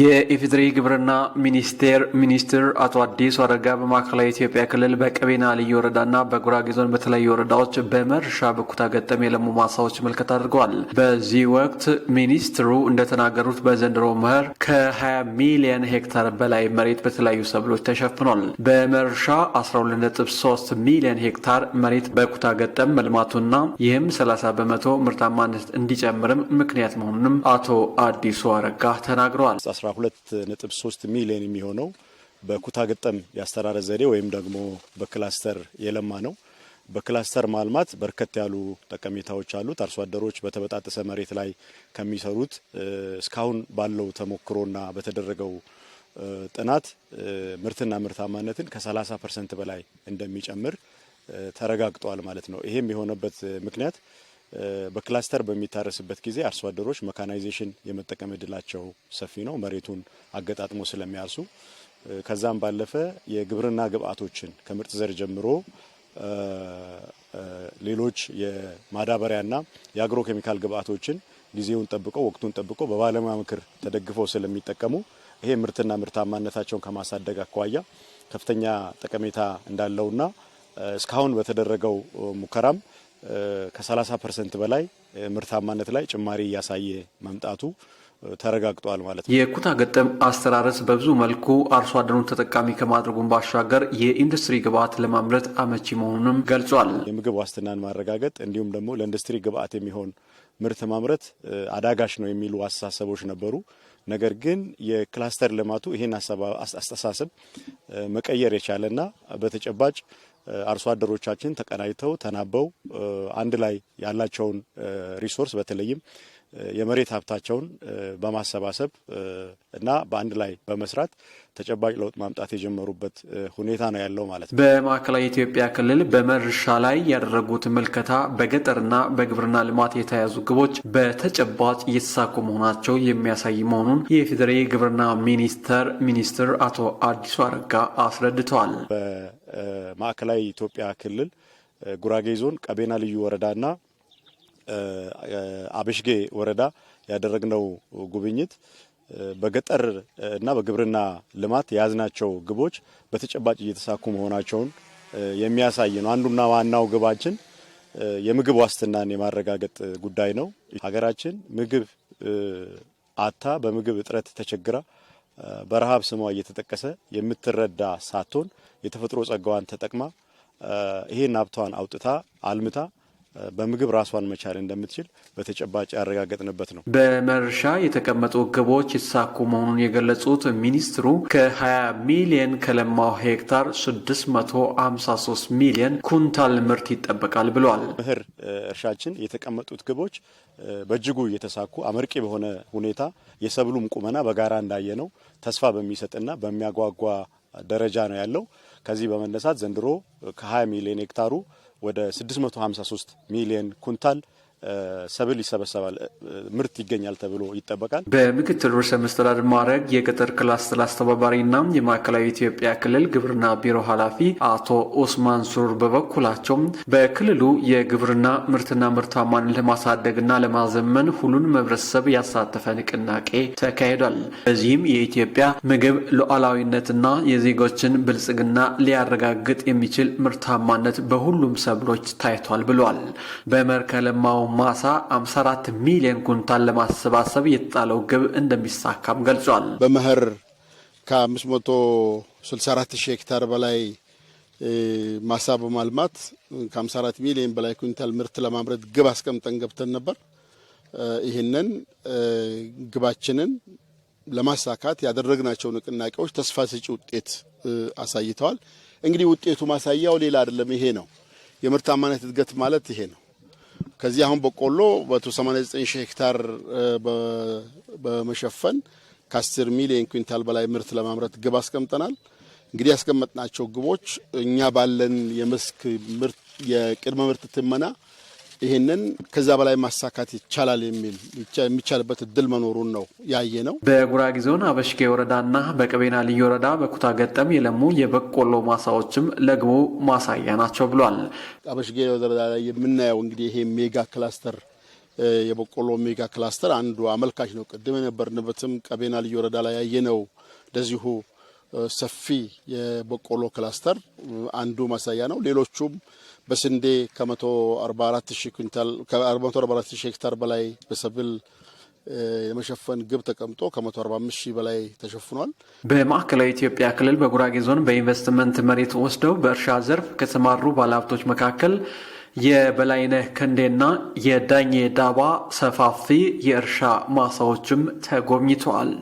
የኢፌዴሪ ግብርና ሚኒስቴር ሚኒስትር አቶ አዲሱ አረጋ በማዕከላዊ ኢትዮጵያ ክልል በቀቤና ልዩ ወረዳና በጉራጌ ዞን በተለያዩ ወረዳዎች በመርሻ በኩታ ገጠም የለሙ ማሳዎች ምልከት አድርገዋል። በዚህ ወቅት ሚኒስትሩ እንደተናገሩት በዘንድሮ መኸር ከ20 ሚሊየን ሄክታር በላይ መሬት በተለያዩ ሰብሎች ተሸፍኗል። በመርሻ 123 ሚሊየን ሄክታር መሬት በኩታ ገጠም መልማቱና ይህም 30 በመቶ ምርታማነት እንዲጨምርም ምክንያት መሆኑንም አቶ አዲሱ አረጋ ተናግረዋል። 12.3 ሚሊዮን የሚሆነው በኩታ ገጠም የአስተራረስ ዘዴ ወይም ደግሞ በክላስተር የለማ ነው። በክላስተር ማልማት በርከት ያሉ ጠቀሜታዎች አሉት። አርሶ አደሮች በተበጣጠሰ መሬት ላይ ከሚሰሩት እስካሁን ባለው ተሞክሮና በተደረገው ጥናት ምርትና ምርታማነትን ከ30 ፐርሰንት በላይ እንደሚጨምር ተረጋግጧል ማለት ነው። ይሄም የሆነበት ምክንያት በክላስተር በሚታረስበት ጊዜ አርሶ አደሮች መካናይዜሽን የመጠቀም እድላቸው ሰፊ ነው፣ መሬቱን አገጣጥሞ ስለሚያርሱ። ከዛም ባለፈ የግብርና ግብዓቶችን ከምርጥ ዘር ጀምሮ ሌሎች የማዳበሪያና የአግሮ ኬሚካል ግብዓቶችን ጊዜውን ጠብቆ ወቅቱን ጠብቆ በባለሙያ ምክር ተደግፈው ስለሚጠቀሙ ይሄ ምርትና ምርታማነታቸውን ከማሳደግ አኳያ ከፍተኛ ጠቀሜታ እንዳለውና እስካሁን በተደረገው ሙከራም ከ30 ፐርሰንት በላይ ምርታማነት ላይ ጭማሪ እያሳየ መምጣቱ ተረጋግጧል ማለት ነው። የኩታ ገጠም አስተራረስ በብዙ መልኩ አርሶ አደሩን ተጠቃሚ ከማድረጉን ባሻገር የኢንዱስትሪ ግብዓት ለማምረት አመቺ መሆኑንም ገልጿል። የምግብ ዋስትናን ማረጋገጥ እንዲሁም ደግሞ ለኢንዱስትሪ ግብዓት የሚሆን ምርት ማምረት አዳጋች ነው የሚሉ አስተሳሰቦች ነበሩ። ነገር ግን የክላስተር ልማቱ ይህን አስተሳሰብ መቀየር የቻለና በተጨባጭ አርሶ አደሮቻችን ተቀናጅተው ተናበው አንድ ላይ ያላቸውን ሪሶርስ በተለይም የመሬት ሀብታቸውን በማሰባሰብ እና በአንድ ላይ በመስራት ተጨባጭ ለውጥ ማምጣት የጀመሩበት ሁኔታ ነው ያለው ማለት ነው። በማዕከላዊ ኢትዮጵያ ክልል በመርሻ እርሻ ላይ ያደረጉት ምልከታ በገጠርና በግብርና ልማት የተያዙ ግቦች በተጨባጭ እየተሳኩ መሆናቸው የሚያሳይ መሆኑን የፌዴሬ ግብርና ሚኒስቴር ሚኒስትር አቶ አዲሱ አረጋ አስረድተዋል። በማዕከላዊ ኢትዮጵያ ክልል ጉራጌ ዞን ቀቤና ልዩ ወረዳና አበሽጌ ወረዳ ያደረግነው ጉብኝት በገጠር እና በግብርና ልማት የያዝናቸው ግቦች በተጨባጭ እየተሳኩ መሆናቸውን የሚያሳይ ነው። አንዱና ዋናው ግባችን የምግብ ዋስትናን የማረጋገጥ ጉዳይ ነው። ሀገራችን ምግብ አታ በምግብ እጥረት ተቸግራ በረሃብ ስሟ እየተጠቀሰ የምትረዳ ሳትሆን የተፈጥሮ ጸጋዋን ተጠቅማ ይሄን ሀብቷን አውጥታ አልምታ በምግብ ራሷን መቻል እንደምትችል በተጨባጭ ያረጋገጥንበት ነው። በመርሻ የተቀመጡ ግቦች የተሳኩ መሆኑን የገለጹት ሚኒስትሩ ከ20 ሚሊየን ከለማው ሄክታር 653 ሚሊየን ኩንታል ምርት ይጠበቃል ብለዋል። ምህር እርሻችን የተቀመጡት ግቦች በእጅጉ እየተሳኩ አመርቂ በሆነ ሁኔታ የሰብሉም ቁመና በጋራ እንዳየ ነው ተስፋ በሚሰጥና በሚያጓጓ ደረጃ ነው ያለው። ከዚህ በመነሳት ዘንድሮ ከ20 ሚሊዮን ሄክታሩ ወደ 653 ሚሊዮን ኩንታል ሰብል ይሰበሰባል፣ ምርት ይገኛል ተብሎ ይጠበቃል። በምክትል ርዕሰ መስተዳድር ማዕረግ የገጠር ክላስተር አስተባባሪና የማዕከላዊ ኢትዮጵያ ክልል ግብርና ቢሮ ኃላፊ አቶ ኡስማን ሱሩር በበኩላቸው በክልሉ የግብርና ምርትና ምርታማን ለማሳደግና ለማዘመን ሁሉን ህብረተሰብ ያሳተፈ ንቅናቄ ተካሂዷል። በዚህም የኢትዮጵያ ምግብ ሉዓላዊነትና የዜጎችን ብልጽግና ሊያረጋግጥ የሚችል ምርታማነት በሁሉም ሰብሎች ታይቷል ብሏል። በመርከለማው ማሳ 54 ሚሊዮን ኩንታል ለማሰባሰብ የተጣለው ግብ እንደሚሳካም ገልጿል። በመኸር ከ564 ሄክታር በላይ ማሳ በማልማት ከ54 ሚሊዮን በላይ ኩንታል ምርት ለማምረት ግብ አስቀምጠን ገብተን ነበር። ይህንን ግባችንን ለማሳካት ያደረግናቸው ንቅናቄዎች ተስፋ ሰጪ ውጤት አሳይተዋል። እንግዲህ ውጤቱ ማሳያው ሌላ አይደለም፣ ይሄ ነው። የምርታማነት እድገት ማለት ይሄ ነው። ከዚህ አሁን በቆሎ በ89 ሺህ ሄክታር በመሸፈን ከ10 ሚሊዮን ኩንታል በላይ ምርት ለማምረት ግብ አስቀምጠናል። እንግዲህ ያስቀመጥናቸው ግቦች እኛ ባለን የመስክ ምርት የቅድመ ምርት ትመና ይህንን ከዛ በላይ ማሳካት ይቻላል የሚል የሚቻልበት እድል መኖሩን ነው ያየ ነው። በጉራጌ ዞን አበሽጌ ወረዳና በቀቤና ልዩ ወረዳ በኩታ ገጠም የለሙ የበቆሎ ማሳዎችም ለግቡ ማሳያ ናቸው ብሏል። አበሽጌ ወረዳ ላይ የምናየው እንግዲህ ይሄ ሜጋ ክላስተር የበቆሎ ሜጋ ክላስተር አንዱ አመልካች ነው። ቅድም የነበርንበትም ቀቤና ልዩ ወረዳ ላይ ያየነው እንደዚሁ ሰፊ የበቆሎ ክላስተር አንዱ ማሳያ ነው። ሌሎቹም በስንዴ ከ144 ሄክታር በላይ በሰብል የመሸፈን ግብ ተቀምጦ ከ145 ሺህ በላይ ተሸፍኗል። በማዕከላዊ ኢትዮጵያ ክልል በጉራጌ ዞን በኢንቨስትመንት መሬት ወስደው በእርሻ ዘርፍ ከተሰማሩ ባለሀብቶች መካከል የበላይነህ ክንዴና የዳኜ ዳባ ሰፋፊ የእርሻ ማሳዎችም ተጎብኝተዋል።